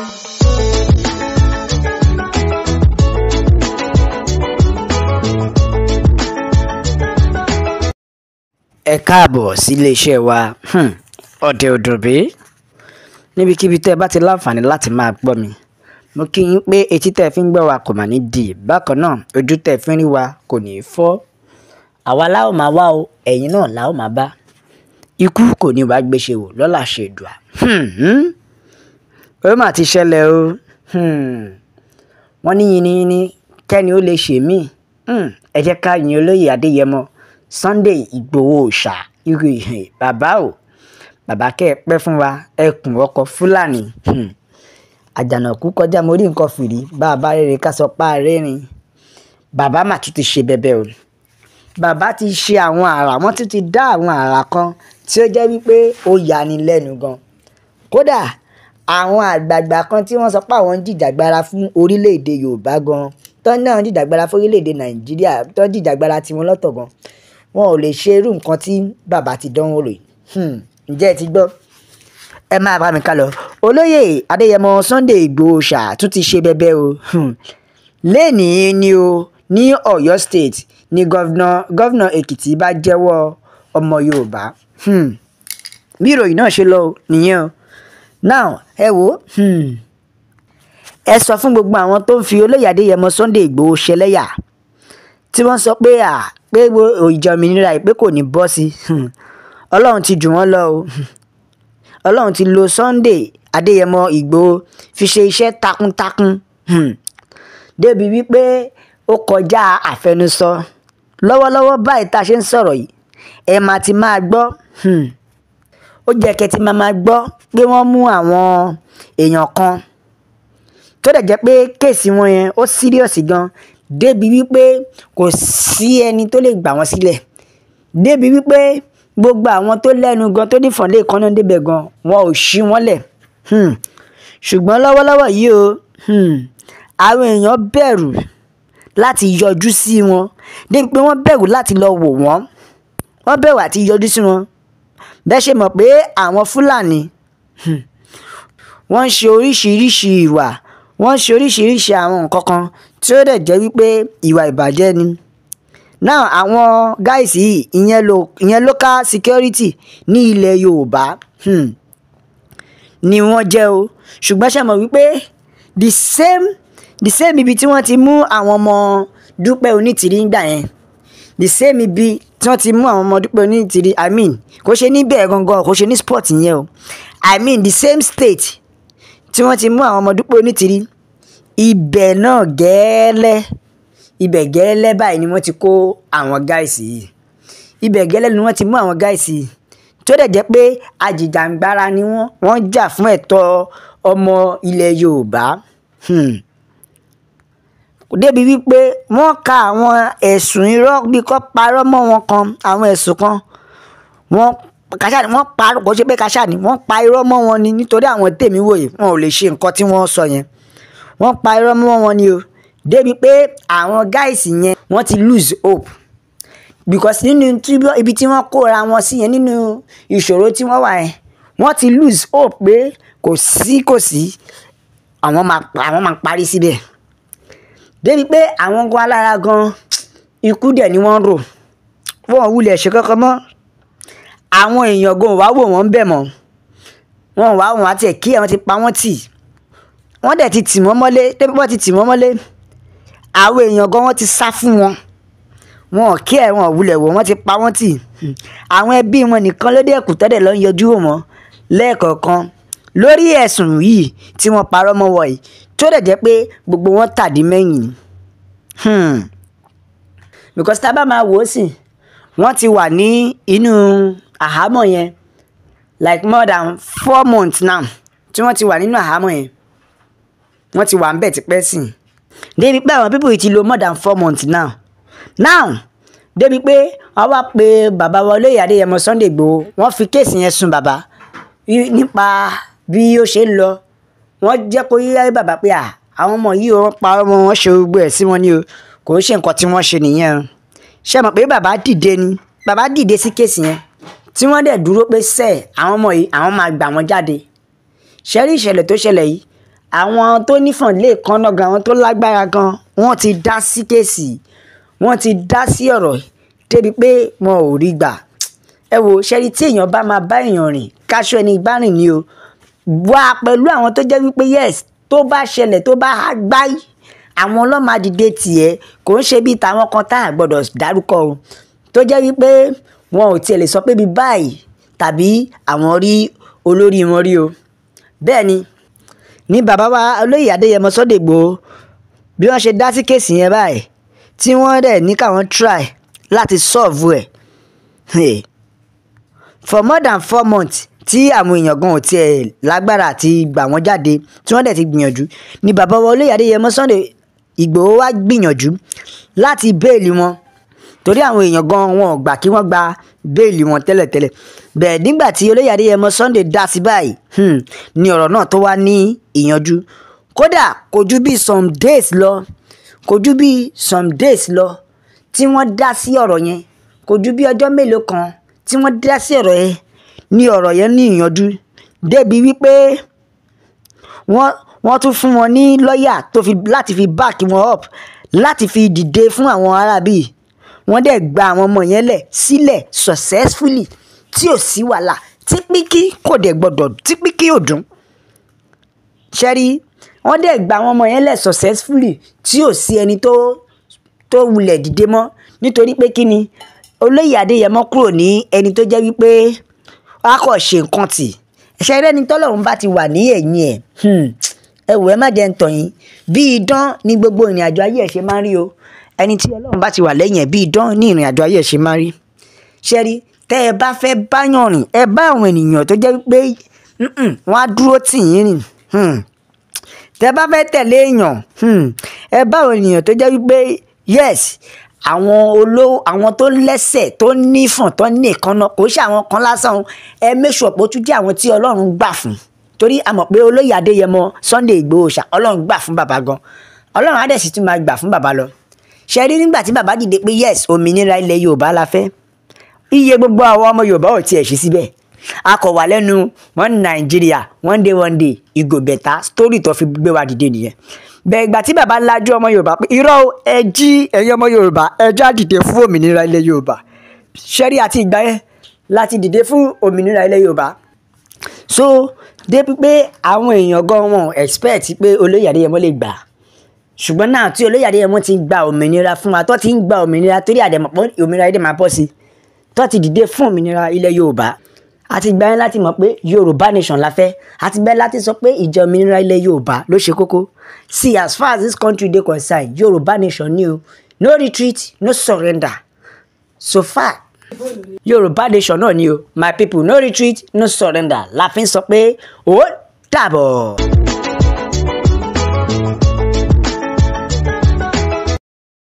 ẹ káàbọ̀ sí iléeṣẹ́ wa hmm, ọ̀dẹ òdòbí níbikíbi tẹ́ ẹ bá ti láǹfààní láti máa gbọ́ mi mo kí yín pé etí tẹ́ ẹ fi ń gbọ́ wa kò mà ní di bákan náà ojú tẹ́ ẹ fi ń rí wa kò ní í fọ́ àwa láò máa wá o ẹ̀yin náà láò máa bá ikú kò ní wàá gbéṣe wò lọ́la ṣèdùà ó mà ti ṣẹlẹ̀ o hmm. wọ́n ní yiniyini kẹ́ni ó lè ṣe mí hmm. ẹ jẹ́ ká yin olóyè adéyẹmọ Sunday Ìgbòho ṣá irú ìhìn bàbá o bàbá kẹ́ ẹ pẹ́ fún wa ẹkùn ọkọ̀ fúlàní hmm. àjànàkú kọjá mo rí nǹkan fìrí bàbá rere ká sọ pa rẹ́rìn bàbá mà tún ti ṣe bẹ̀bẹ̀ o bàbá ti ṣe àwọn àrà wọ́n tún ti dá àwọn àrà kan tí ó jẹ́ wípé ó yani lẹ́nu gan kódà àwọn àgbààgbà kan tí wọ́n sọ pé àwọn ń jìjàgbara fún orílẹ̀-èdè yorùbá gan tán náà ń jìjàgbara fún orílẹ̀-èdè nàìjíríà tán jìjàgbara tiwọn lọ́tọ̀ gan wọn ò lè ṣe irú nǹkan tí bàbá ti dánwò rè hmm, ǹjẹ́ ẹ ti gbọ́ ẹ máa bá mi ká olóyè adéyẹmọ sunday igbòho ṣáà tún ti ṣe bẹbẹ o hmm, lẹ́nìí ni o ní ọ̀yọ́ state ni gọ́vnà èkìtì bá jẹ́wọ́ ọmọ yorùbá hmm, bí ìròyìn náà ṣe lọ nìyẹn o now ẹ wò ó hmm. ẹ sọ fún gbogbo àwọn tó ń fi olóyè adéyẹmọ sunday igbòho ṣẹlẹ́yà tí wọ́n sọ pé à pé ìjọ òmìnira yìí kò ní bọ́ sí hmm. ọlọ́run ti jù wọ́n lọ o hmm. ọlọ́run ti lo sunday adéyẹmọ igbòho fi ṣe iṣẹ́ takuntakun débi wípé ó kọjá àfẹnusọ lọ́wọ́lọ́wọ́ báyìí tá a ṣe ń sọ̀rọ̀ yìí ẹ máa ti máa gbọ́. Hmm ó jẹ́ kẹ́ ti máa máa gbọ́ pé wọ́n mú àwọn èèyàn kan tó dẹ̀ jẹ́ pé kéèsì wọn yẹn ó síríọ̀sì gan débi wípé kò sí ẹni tó lè gbà wọ́n sílẹ̀ débi wípé gbogbo àwọn tó lẹ́nu gan tó nífọ̀n lè kọ́nà débẹ̀ gan wọn ò ṣí wọn lẹ̀ hmm. ṣùgbọ́n lọ́wọ́lọ́wọ́ yìí o hmm, àwọn èèyàn bẹ̀rù láti yọjú sí wọn débi pé wọ́n bẹ̀rù láti lọ wò wọ́n wọ́n bẹ̀rù àti yọjú sí wọn bẹ́ẹ̀ ṣe mọ̀ pé àwọn fúlàní hmm, wọ́n ń ṣe oríṣiríṣi ìwà wọ́n ń ṣe oríṣiríṣi àwọn nǹkan kan tí ó dẹ̀ jẹ́ wípé ìwà ìbàjẹ́ ni náà àwọn guys yìí ìyẹn local security ní ilẹ̀ yorùbá hmm, ni wọ́n jẹ́ o ṣùgbọ́n ṣe mọ̀ wípé the same the same ibi tí wọ́n ti mú àwọn ọmọ dúpẹ́ onítìrí ń gbà yẹn the same ibi tí wọ́n ti mú àwọn ọmọ Dúpẹ́ Onítìrí i mean kò ṣe níbẹ̀ gangan kò ṣe ní sport yẹn o i mean the same state tí wọ́n ti mú àwọn ọmọ Dúpẹ́ Onítìrí ibẹ̀ náà gẹ́ẹ́lẹ́ ibẹ̀ gẹ́lẹ́ báyìí ni wọ́n ti kó àwọn gáìsì yìí ibẹ̀ gẹ́lẹ́ ni wọ́n ti mú àwọn gáìsì yìí tó dẹ̀ jẹ́ pé àjìjàǹgbara ni wọ́n wọ́n jà fún ẹ̀tọ́ ọmọ ilẹ̀ Yorùbá. Hmm débi wípé wọ́n ka àwọn ẹ̀sùn irọ́ bíi kọ́ parọ́ mọ́ wọn kan àwọn ẹ̀sùn kan wọ́n kàṣà ni wọ́n pa kò ṣe pé kàṣà ni wọ́n pa irọ́ mọ́ wọn ni nítorí àwọn tèmi wòye wọn ò lè ṣe nǹkan tí wọ́n sọ yẹn wọ́n pa irọ́ mọ́ wọn ni o débi pé àwọn gáìsì yẹn wọ́n ti lose hope because nínú ibi tí wọ́n kóra wọn sí yẹn nínú ìṣòro tí wọ́n wà yẹn wọ́n ti lose hope pé kò sí kò sí àwọn máa parí síbẹ̀ débi pé àwọn gan alára gan ikú dẹ̀ ni wọ́n rò wọ́n wulẹ̀ ṣe kankan mọ́ àwọn èèyàn gan wàá wò wọ́n bẹ̀ mọ́ wọn wàá wọn àti ẹ̀kí àwọn ti pa wọ́n tì wọ́n dẹ̀ ti tì wọ́n mọ́lé débi wọ́n ti tì wọ́n mọ́lé àwọn èèyàn gan wọ́n ti sá fún wọn wọn ò kí ẹ̀ wọn ò wulẹ̀ wò wọ́n ti pa wọ́n tì àwọn ẹbí wọn nìkan ló dé ẹ̀kú tẹ́lẹ̀ lọ́ ń yọjú wò wọ́n lẹ́ẹ̀kọ̀ọ̀kan lórí ẹ̀sùn yìí tí wọ́n parọ́ mọ́ wọ̀nyí tó dẹ̀ jẹ́ pé gbogbo wọn tàdí mẹ́yìn hmm. because tá a bá máa wò ó sì wọ́n ti wà ní inú àhámọ́ yẹn like more than four months now tí wọ́n ti wà nínú àhámọ́ yẹn wọ́n ti wà ń bẹ̀ tipẹ́ sí i débi pé àwọn people yìí ti lò more than four months now now débi pé wọ́n wá pe bàbá wa olóyè adéyẹmọ Sunday Igboho wọ́n fi kéèsì yẹn sun bàbá nípa bí ó ṣe ń lọ wọ́n jẹ́ kó yíyá bàbá pé à àwọn ọmọ yìí ó parọ́ mọ́ wọn ṣe gbogbo ẹ̀ sí wọn ni o kò ń ṣe nǹkan tí wọ́n ṣe nìyẹn ṣe mọ̀ pé bàbá dìde ni bàbá dìde sí kéèsì yẹn tí wọ́n dẹ̀ dúró pé sẹ́ àwọn ọmọ yìí àwọn máa gbà wọ́n jáde ṣẹ́rí ìṣẹ̀lẹ̀ tó ṣẹlẹ̀ yìí àwọn tó nífọ̀n lè kan náà gan àwọn tó lágbára gan wọ́n ti dá sí kéèsì wọ́n ti dá sí ọ̀rọ̀ débi pé wọn ò rí gbà ẹ wo ṣẹ́rí tí èèyàn bá máa bá èèyàn rìn káṣọ ẹni bá ni o wá pẹ̀lú àwọn tó jẹ́ wípé yes tó bá ṣẹlẹ̀ tó bá há gbáyì àwọn ọlọ́màdìde tiẹ̀ kò ń ṣe bíi tàwọn kan tá à gbọ́dọ̀ dárúkọ o tó jẹ́ wípé wọn ò tiẹ̀ lè sọ pé bíi báyìí tàbí àwọn rí olórí wọn rí o bẹ́ẹ̀ ni ní bàbá wa olóyè adéyẹmọ sọ́dẹ̀gbò bí wọ́n ṣe dá sí kéèsì yẹn báyìí tí wọ́n dẹ̀ ní káwọn try láti solve ẹ̀ for more than four months tí àwọn èèyàn gan ò tiẹ̀ lágbára àti gbà wọ́n jáde tí wọ́n dẹ̀ ti gbìyànjú ni bàbá wa olóyè adéyẹmọ Sunday Ìgbòho wá gbìyànjú láti bẹ́ẹ̀lì wọn torí àwọn èèyàn gan wọn ò gbà kí wọ́n gba bẹ́ẹ̀lì wọn tẹ́lẹ̀tẹ́lẹ̀ bẹ́ẹ̀ nígbà tí olóyè adéyẹmọ Sunday dá sí báyìí hmm, ni ọ̀rọ̀ náà tó wá ní ìyanjú kódà kò ju some days lọ kò ju some days lọ tí wọ́n dá sí ọ̀rọ̀ yẹn kò ju bí mélòó kan tí wọ́n dá sí ọ̀rọ̀ yẹn ni ọ̀rọ̀ yẹn ní ìyanjú débìí wípé wọ́n wọ́n tún fún wọn ní lọ́ọ̀yà láti fi back wọn up láti fi dìde fún àwọn arábì wọ́n dẹ̀ gba àwọn ọmọ yẹn lẹ̀ sílẹ̀ successfully tí ò sí wàhálà tí pínkì kò dẹ̀ gbọ́dọ̀ tí pínkì ò dùn ṣẹ́rí wọ́n dẹ̀ gba àwọn ọmọ yẹn lẹ̀ successfully tí ò sí ẹni tó tó wulẹ̀ dìde mọ́ nítorí pé kí ni olóyè adéyẹmọ kúrò ní ẹni tó jẹ́ wípé a kò ṣe nǹkan tì ṣe rẹ́ni tọ́lọ́run bá ti wà ní ẹ̀yìn ẹ̀ hmm. ẹ wò ẹ má jẹ́ ń tàn yín bí idán ni gbogbo ìrìn àjò ayé ẹ̀ ṣe máa ń rí o ẹni tí ọlọ́run bá ti wà lẹ́yìn ẹ̀ bí idán ni ìrìn àjò ayé ẹ̀ ṣe máa ń rí ṣe rí tẹ́ ẹ bá fẹ́ báyàn rìn ẹ bá àwọn ènìyàn tó jẹ́ pé wọ́n á dúró tì yín rìn hmm. tẹ́ bá fẹ́ tẹ̀lé èèyàn hmm, ẹ bá àwọn ènìyàn tó jẹ́ pé yes àwọn olówó àwọn tó lẹ́sẹ̀ tó nífọ̀n tó ní ìkànnà kò ṣe àwọn kan lásán ẹ mẹ́sùn ọ̀pọ̀ tún jẹ́ àwọn tí ọlọ́run gbà fún torí a mọ̀ pé olóyè adéyẹmọ Sunday Ìgbòho ṣá ọlọ́run gbà fún bàbá gan ọlọ́run adẹ̀sí tún máa gbà fún bàbá lọ ṣe rí nígbà tí bàbá dìde pé yes òmìnira ilẹ̀ yorùbá la fẹ́ iye gbogbo àwọn ọmọ yorùbá ò tiẹ̀ ṣe síbẹ̀ akọ̀wà lẹ́nu wọn ní one day one day ìgò bẹ̀ta story tó fi gbé wa dìde nìyẹn bẹ́ẹ̀ ìgbà tí bàbá lajú ọmọ yorùbá pé irọ́ ẹ jí ẹ̀yin ọmọ yorùbá ẹjọ́ àdìde fún òmìnira ilẹ̀ yorùbá ṣẹ́rí àti ìgbà yẹn láti dìde fún òmìnira ilẹ̀ yorùbá so dé pé àwọn èèyàn gan wọn expect pé olóyè Adéyẹmọ lè gbà ṣùgbọ́n náà tí olóyè Adéyẹmọ ti gba òmìnira fún wa tó ti ń gba òmìnira torí àdèmọ̀pọ̀ òmìnira ilẹ̀ máa pọ̀ sí tó ti dìde fún òmìnira ilẹ̀ yorùbá àti ìgbà yẹn láti mọ̀ pé yorùbá nation la fẹ́ àti ìgbà yẹn láti sọ pé ìjẹ òmìnira ilẹ̀ yorùbá ló ṣe kókó see as far as this country dey concerned yorùbá nation ni o no retreat no surrender so far yorùbá nation náà ni o my people no retreat no surrender la fi ń sọ pé ó dàbọ̀.